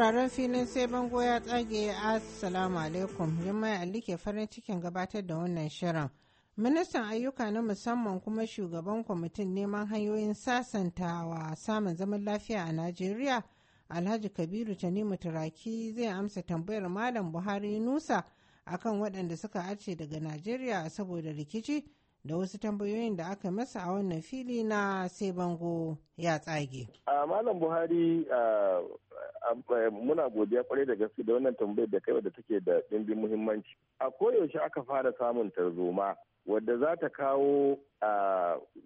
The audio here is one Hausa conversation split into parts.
sauraron filin sai bango ya tsage assalamu alaikum jimai ali ke farin cikin gabatar da wannan shirin ministan ayyuka na musamman kuma shugaban kwamitin neman hanyoyin sasantawa samun zaman lafiya a najeriya alhaji kabiru tanimu turaki zai amsa tambayar malam buhari nusa akan waɗanda suka arce daga najeriya saboda rikici da wasu tambayoyin da aka masa a wannan fili na sai bango ya tsage. A Malam Buhari muna godiya kwarai da gaske da wannan tambayar da kai da take da dimbin muhimmanci. A koyaushe aka fara samun tarzoma wadda za ta kawo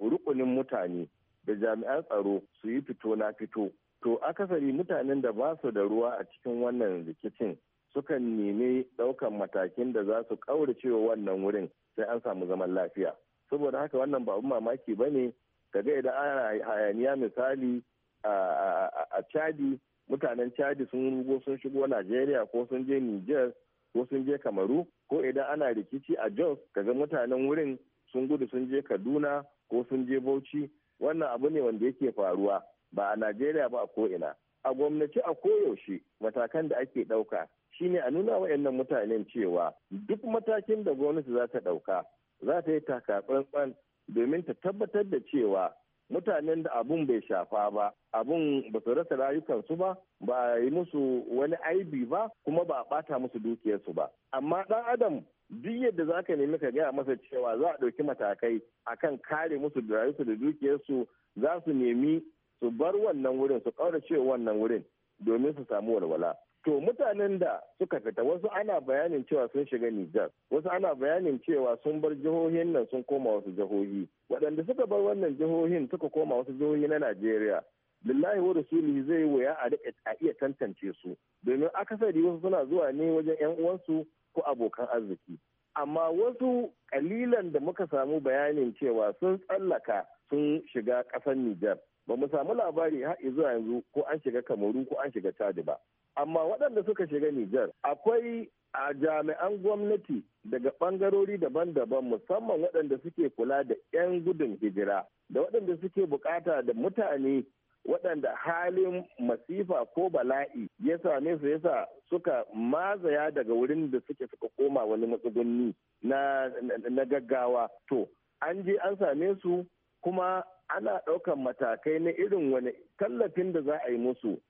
rukunin mutane da jami'an tsaro su yi fito na fito. To akasari mutanen da ba su da ruwa a cikin wannan rikicin sukan nemi ɗaukan matakin da za su ƙauracewa wannan wurin sai an samu zaman lafiya saboda haka wannan ba abin mamaki ba ne kaga idan ana hayaniya misali a chadi mutanen chadi sun rugo sun shigo najeriya ko sun je niger ko sun je kamaru ko idan ana rikici a jos kaga mutanen wurin sun gudu sun je kaduna ko sun je bauchi wannan abu ne wanda yake faruwa ba a najeriya ba a ko'ina a gwamnati a koyaushe matakan da ake ɗauka shine a nuna wayannan mutanen cewa duk matakin da gwamnati za ta ɗauka za ta yi takatsantsan domin ta tabbatar da cewa mutanen da abun bai shafa ba abun ba su rasa rayukansu ba ba yi musu wani aibi ba kuma ba a ɓata musu dukiyarsu ba amma ɗan adam duk yadda za ka nemi ka gaya masa cewa za a ɗauki matakai akan kare musu da rayuwarsu da dukiyarsu za su nemi su bar wannan wurin su ƙaurace wannan wurin domin su samu walwala To mutanen da suka fita wasu ana bayanin cewa sun shiga Nijar, wasu ana bayanin cewa sun bar jihohin nan sun koma wasu jihohi. Waɗanda suka bar wannan jihohin suka koma wasu jihohi na Najeriya. Lillahi wa rasulihi zai wuya a iya tantance su, domin akasari wasu suna zuwa ne wajen 'yan uwansu ko abokan arziki. amma wasu kalilan da muka samu bayanin cewa sun tsallaka sun shiga ƙasar Nijar. Ba mu samu labari har zuwa yanzu ko an shiga Kamaru ko an shiga Chad ba. Amma waɗanda suka shiga Nijar akwai a jami'an gwamnati daga ɓangarori daban-daban musamman waɗanda suke kula da 'yan gudun hijira da waɗanda suke bukata da mutane waɗanda halin masifa ko bala'i ya same su yasa suka mazaya daga wurin da suke suka koma wani matsugunni na gaggawa to an je an same su kuma ana ɗaukan matakai na irin wani tallafin da za a yi musu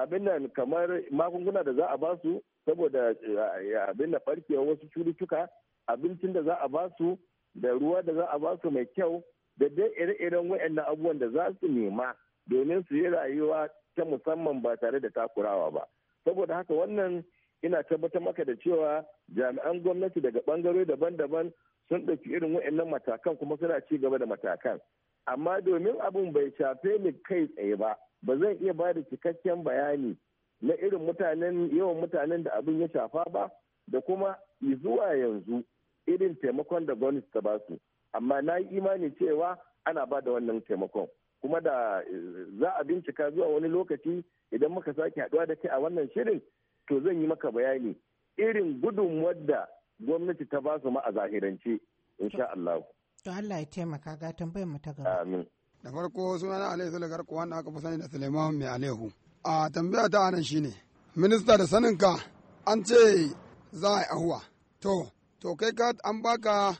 abin nan kamar magunguna da za a ba su saboda eh, abin da ɓarkewa wasu cututtuka abincin da za a ba su da ruwa da za a ba su mai kyau da dai ire-iren waɗannan abubuwan da za su nema domin su yi rayuwa ta musamman ba tare da takurawa ba saboda haka wannan ina tabbatar maka da cewa jami'an gwamnati daga bangarori daban-daban sun ɗauki irin waɗannan matakan kuma suna ci gaba da matakan amma domin abin bai shafe ni kai tsaye ba ba zan iya ba da cikakken bayani na irin mutanen yawan mutanen da abin ya shafa ba da kuma zuwa yanzu irin taimakon da gwamnati ta basu amma na yi imani cewa ana ba da wannan taimakon kuma da eh, za a bincika zuwa wani lokaci idan muka sake haɗuwa da kai a wannan shirin to zan yi maka bayani irin gudun da gwamnati ta ba su ma a zahirance insha Allah. To Allah ya taimaka ga tambayar mu ta gaba. Amin. Da farko sunana Alayhi Sule Garko wanda aka fi sani da Suleiman Mai Alehu. A tambaya ta anan shine minista da saninka an ce za a yi ahuwa. To, to kai ka an baka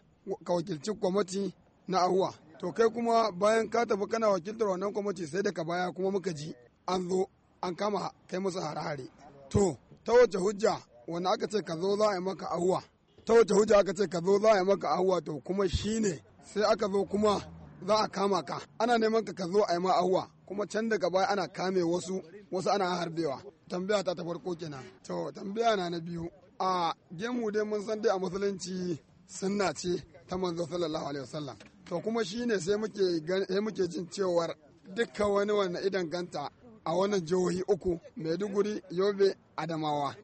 ka wakilci gwamnati na ahuwa. to kai kuma bayan ka tafi kana wakiltar wannan kwamiti sai daga baya kuma muka ji an zo an kama kai musu hare-hare to ta wace hujja wanda aka ce ka zo za a yi maka ahuwa ta wace hujja aka ce ka zo za a yi maka ahuwa to kuma shine sai aka zo kuma za a kama ka ana neman ka ka zo a yi ma ahuwa kuma can daga baya ana kame wasu wasu ana harbewa tambaya ta ta farko kenan to tambaya na na biyu a gemu dai mun san dai a musulunci sunna ce ta manzo sallallahu alaihi wasallam to kuma shi ne sai muke jin cewar dukkan wani wani idan ganta a wannan jihohi uku maiduguri yobe adamawa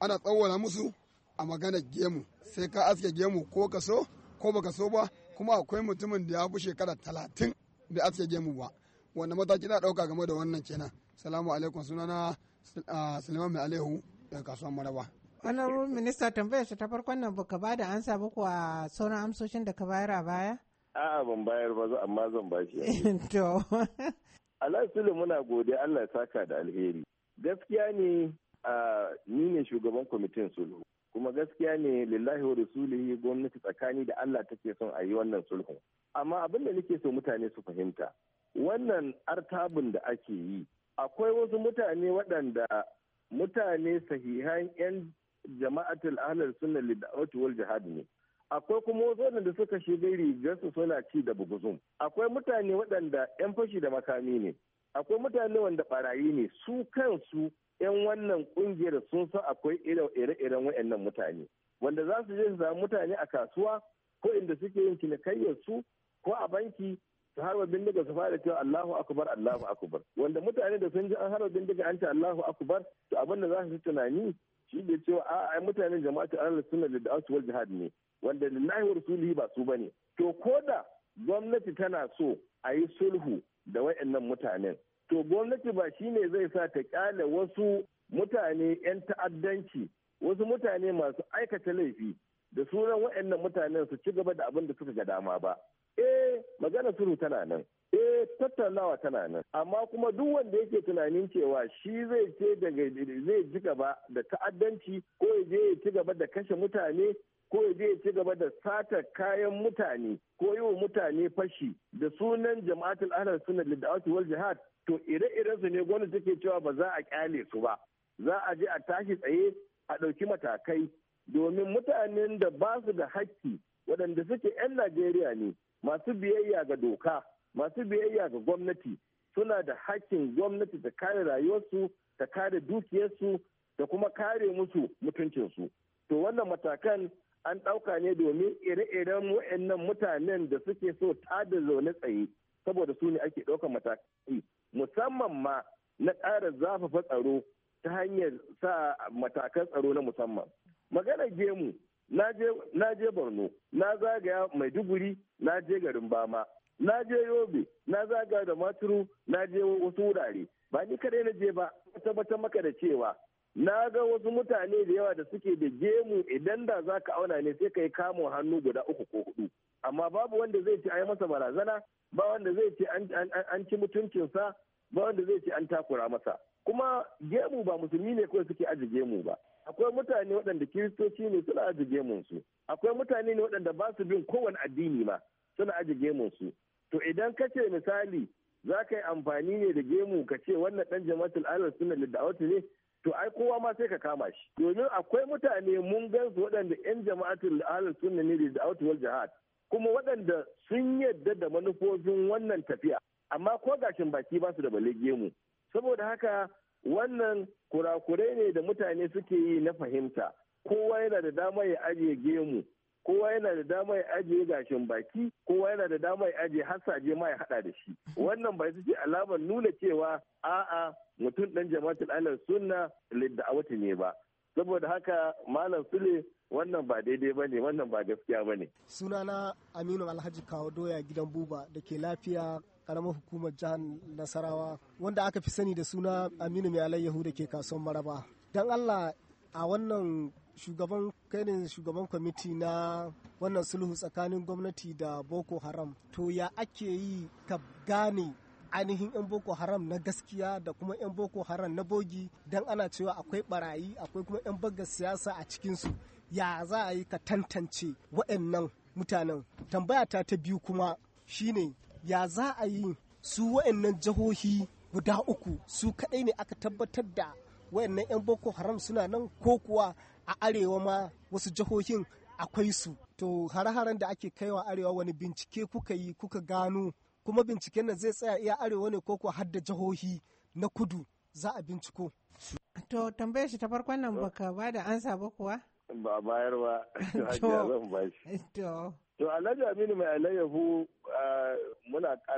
ana tsawwala musu a maganar gemu sai ka aske gemu ko ka so ko baka so ba kuma akwai mutumin da ya fi shekara talatin da aske gemu ba wanda mataki na ɗauka game da wannan kenan salamu alaikum sunana ah, suleiman mai alaihu daga kasuwan maraba honorable minista tambayar ta farkon nan ba ka ba da ansa ba kuwa sauran amsoshin da ka bayar a baya A'a ban bayar ba amma zan ba shi. To. Alhasulu muna gode, Allah saka da alheri. Gaskiya ne ni ne shugaban kwamitin sulhu. Kuma gaskiya ne lillahi wa rasulihi gwamnati tsakani da Allah take son a yi wannan sulhu. Amma abin da nake so mutane su fahimta. Wannan artabun da ake yi. Akwai wasu mutane waɗanda mutane sahihan 'yan jama'atul ahlar sunna lidawati wal jihad ne. akwai kuma wasu waɗanda suka shiga rigarsu suna ci da buguzum akwai mutane waɗanda 'yan fashi da makami ne akwai mutane wanda barayi ne su kansu 'yan wannan kungiyar sun san akwai ire-iren waɗannan mutane wanda za su je su samu mutane a kasuwa ko inda suke yin cinikayyar su ko a banki su harba bindiga su fara cewa Allahu akbar Allahu akbar wanda mutane da sun ji an harba bindiga an ce Allahu akbar to abin da za su tunani shi ne cewa a ai mutanen jama'atu suna sunna da wal jihad ne wanda lillahi wa rasulihi ba su bane to ko da gwamnati tana so a yi sulhu da wayannan mutanen to gwamnati ba shine zai sa ta kyale wasu mutane 'yan ta'addanci wasu mutane masu aikata laifi da sunan wayannan mutanen su ci gaba da abin da suka ga dama ba eh magana sulhu tana nan eh tattaunawa tana nan amma kuma duk wanda yake tunanin cewa shi zai ce daga zai ji gaba da ta'addanci ko ya je ya ci gaba da kashe mutane ko ya je ya ci gaba da sata kayan mutane ko yi wa mutane fashi da sunan jama'atul ahlal sunna lidawati wal jihad to ire-iren su ne gwamnati take cewa ba za a kyale su ba za a je a tashi tsaye a ɗauki matakai domin mutanen da ba su da hakki waɗanda suke 'yan Najeriya ne masu biyayya ga doka masu biyayya ga gwamnati suna da hakkin gwamnati ta kare rayuwarsu ta kare dukiyarsu da kuma kare musu mutuncinsu to wannan matakan an ɗauka ne domin ire-iren wa'annan mutanen da suke so ta da zaune tsaye saboda su ne ake ɗaukar matakai musamman ma na ƙara zafafa tsaro ta hanyar sa matakan tsaro na musamman maganar gemu na je borno na zagaya maiduguri na je garin bama na je yobe na zagaya da maturu na je wasu wurare ba ni kadai na je ba tabbatar maka da cewa na ga wasu mutane da yawa da suke da gemu idan da za ka auna ne sai ka yi kamun hannu guda uku ko hudu amma babu wanda zai ce a yi masa barazana ba wanda zai ce an ci mutuncinsa ba wanda zai ce an takura masa kuma gemu ba musulmi ne kawai suke aji gemu ba akwai mutane waɗanda kiristoci ne suna aji gemunsu akwai mutane ne waɗanda ba su bin kowane addini ma suna aji su to idan ka ce misali za ka yi amfani ne da gemu ka ce wannan ɗan jama'atul alal suna da ne to ai kowa ma sai ka kama shi domin akwai mutane mun gan su waɗanda yan jama'atul ahlus sunna ne da outwal jihad kuma waɗanda sun yadda da manufofin wannan tafiya amma ko gashin baki ba su da balege mu saboda haka wannan kurakurai ne da mutane suke yi na fahimta kowa yana da dama ya ajiye gemu kowa yana da dama ya ajiye gashin baki kowa yana da dama ya ajiye hasaje ma ya hada da shi wannan ba ita ce alamar nuna cewa a'a mutum dan jama'atul alal sunna lidda'awati ne ba saboda haka malam sule wannan ba daidai ba wannan ba gaskiya ba ne. sunana aminu alhaji kawo doya gidan buba da ke lafiya karamar hukumar jihar nasarawa wanda aka fi sani da suna aminu mai alayyahu da ke kasuwan maraba don allah a wannan shugaban kai ne shugaban kwamiti na wannan sulhu tsakanin gwamnati da boko haram to ya ake yi ka gane ainihin 'yan boko haram na gaskiya da kuma 'yan boko haram na bogi don ana cewa akwai barayi akwai kuma 'yan baga siyasa a cikinsu ya za a yi ka tantance wa'annan mutanen tambaya ta ta biyu kuma shine ya za a yi su wa'annan jihohi guda uku su kaɗai ne aka tabbatar da wayannan 'yan boko haram suna nan ko kuwa a arewa ma wasu jihohin akwai su to hare-haren da ake kaiwa arewa wani bincike kuka yi kuka gano kuma binciken nan zai tsaya iya arewa ne ko kuwa hadda jihohi na kudu za a binciko to tambaya shi ta farkon nan baka ba da ansa ba kuwa ba bayar ba to to alhaji aminu mai alayyahu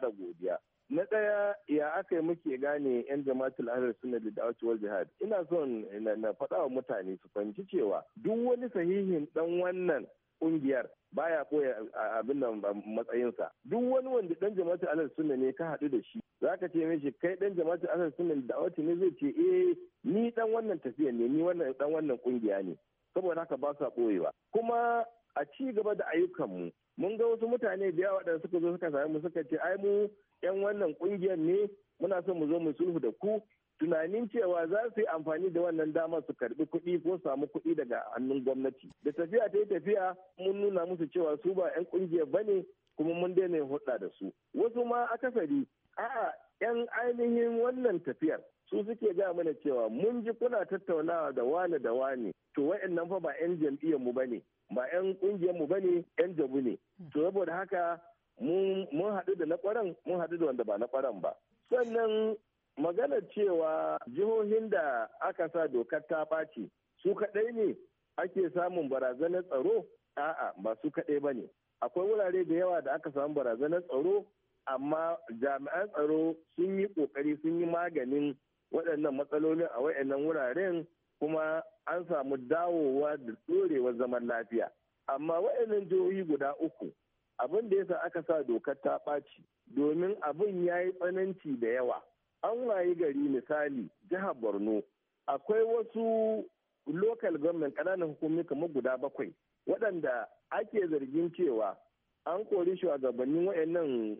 kara godiya. Na ɗaya ya aka yi muke gane 'yan jama'atul ahrar suna da da'awar jihad. Ina son na faɗa wa mutane su fahimci cewa duk wani sahihin ɗan wannan ƙungiyar baya koya abin nan matsayinsa. Duk wani wanda ɗan jama'atul ahrar suna ne ka haɗu da shi. Za ka ce mishi kai ɗan jama'atul ahrar suna da da'awar ne zai ce eh ni ɗan wannan tafiya ne ni wannan ɗan wannan ƙungiya ne. Saboda haka ba sa ɓoyewa. Kuma a ci gaba da ayyukanmu mun ga wasu mutane da yawa da suka zo suka same mu suka ce ai mu yan wannan kungiyar ne muna son mu zo mu sulhu da ku tunanin cewa za su yi amfani da wannan dama su karbi kuɗi ko samu kuɗi daga hannun gwamnati da tafiya ta yi tafiya mun nuna musu cewa su ba yan kungiyar ba ne kuma mun daina hulɗa da su wasu ma akasari a'a yan ainihin wannan tafiyar su suke ga mana cewa mun ji kuna tattaunawa da wane da wane to wa'annan fa ba yan jam'iyyar mu ba ne. ba 'yan kungiyar mu bane 'yan jabu ne to saboda haka mun haɗu da na kwaran mun haɗu da wanda ba na kwaran ba sannan maganar cewa jihohin da aka sa dokar ta ɓaci su kaɗai ne ake samun barazanar tsaro a'a ba su kaɗai ba ne akwai wurare da yawa da aka samu barazanar tsaro amma jami'an tsaro sun yi ƙoƙari sun yi maganin waɗannan matsalolin a waɗannan wuraren kuma an samu dawowa da ɗorewar zaman lafiya amma waɗannan jihohi guda uku abin da yasa aka sa dokar ta ɓaci domin abin ya yi tsananci da yawa an wayi gari misali jihar borno akwai wasu local government ƙananan hukumi kamar guda bakwai waɗanda ake zargin cewa an kori shugabannin waɗannan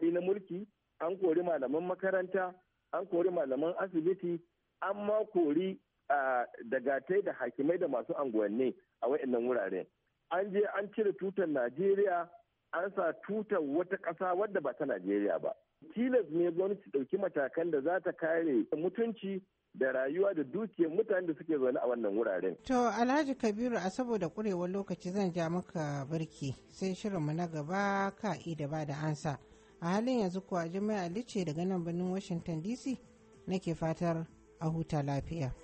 eh, na mulki an kori malaman makaranta an kori malaman asibiti an ma kori da gatai da hakimai da masu anguwanni a wa'annan wuraren an je an cire tutar najeriya an sa tutar wata ƙasa wadda ba ta najeriya ba tilas ne gwamnati ɗauki matakan da za ta kare mutunci da rayuwa da dukiyar mutanen da suke zaune a wannan wuraren. To Alhaji Kabiru a saboda kurewar lokaci zan ja maka birki sai shirinmu na gaba ka da ba da ansa. A halin yanzu kuwa Jami'a Alice daga nan birnin Washington DC nake fatar a huta lafiya.